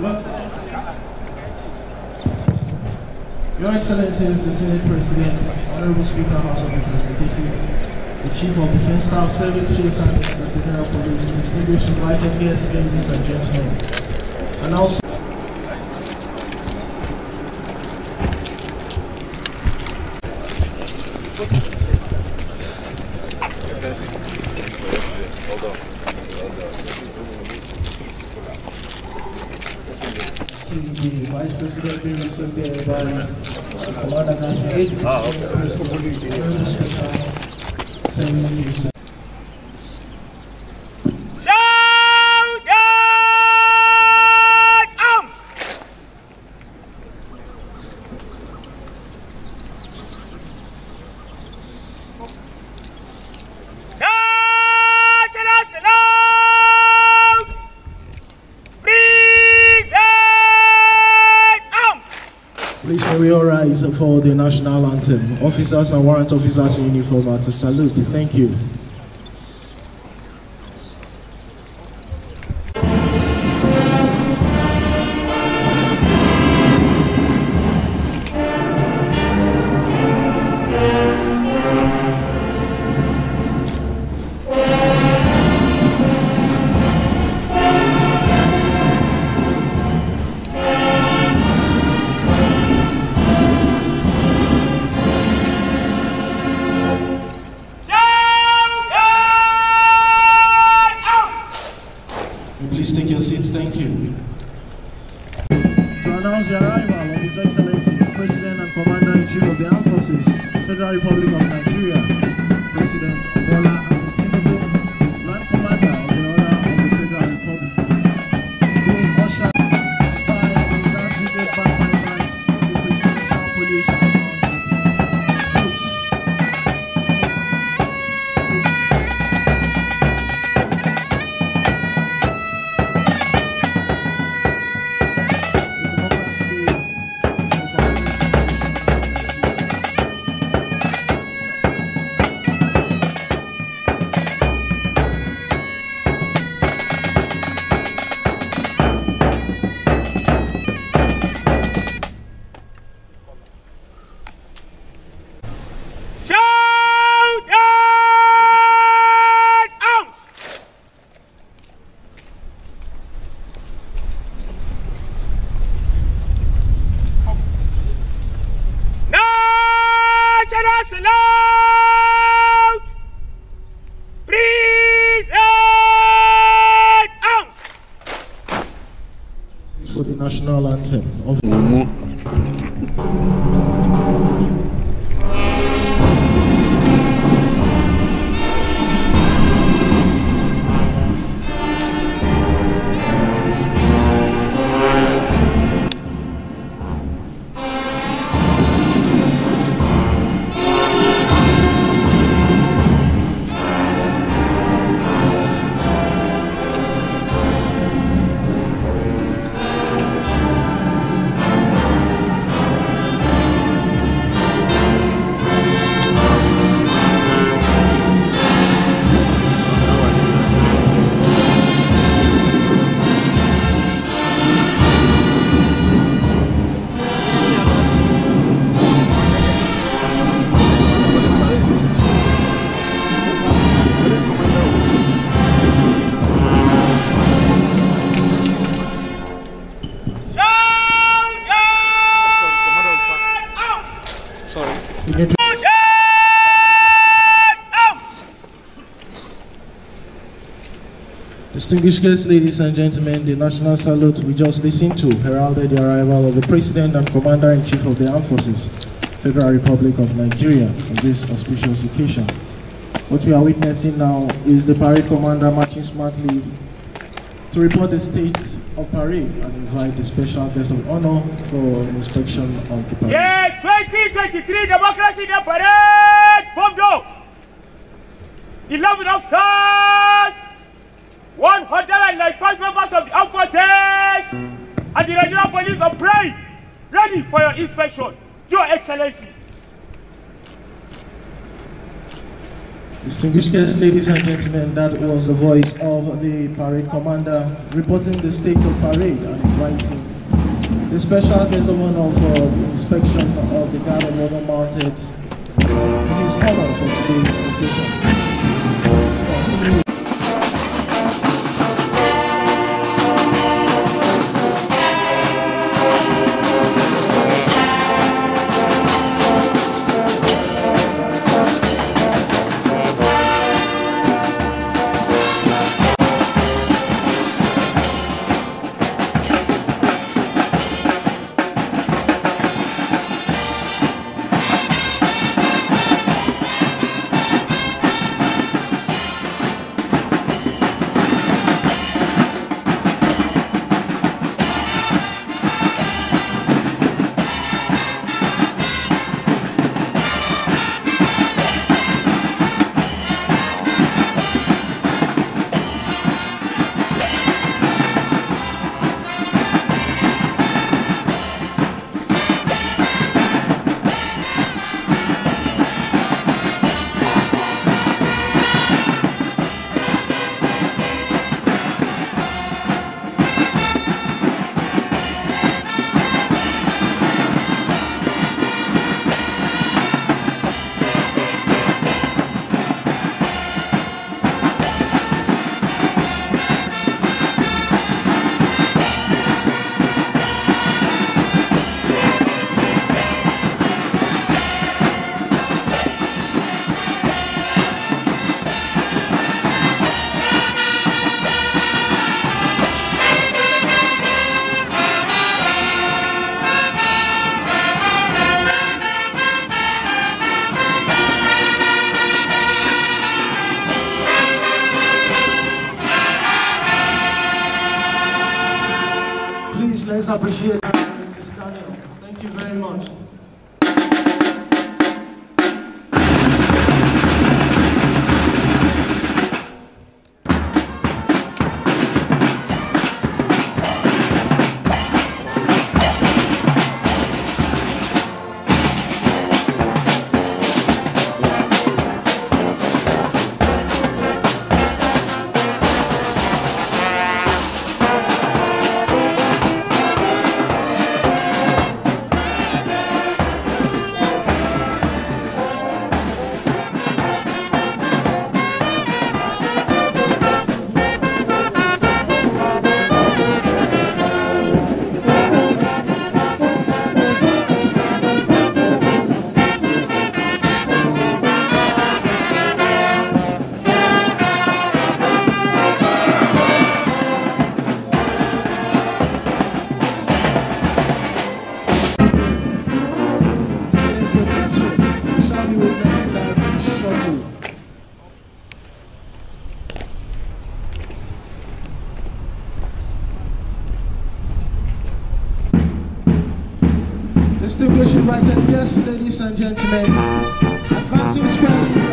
Your Excellencies, the Senate President, Honorable Speaker, House of Representatives, the Chief of Defense Staff Service, Chiefs and the General Police, distinguished invited guests, ladies and gentlemen, and also Thank you. Vice President se associated by a lot of national agencies, ah, we all rise for the national anthem. Officers and warrant officers in uniform are to salute. Thank you. Please take your seats. Thank you. To announce the arrival of His Excellency, President and Commander-in-Chief of the Armed Forces, Federal Republic of Nigeria, national anthem of Distinguished guests, ladies and gentlemen, the national salute we just listened to heralded the arrival of the President and Commander-in-Chief of the Armed Forces, Federal Republic of Nigeria, on this auspicious occasion. What we are witnessing now is the parade commander marching smartly to report the state of parade and invite the special guest of honor for inspection of the parade. Yeah, 2023 Democracy Day Parade! From 11 officers! 195 members of the armed forces and the regular police are praying, ready for your inspection, Your Excellency. Distinguished guests, ladies and gentlemen, that was the voice of the parade commander reporting the state of parade and inviting the special guest of honor for the inspection of the Guard of Honor mounted in his honor for today's occasion. appreciate it. Thank you very much. invited guests, ladies and gentlemen. Advancing spread.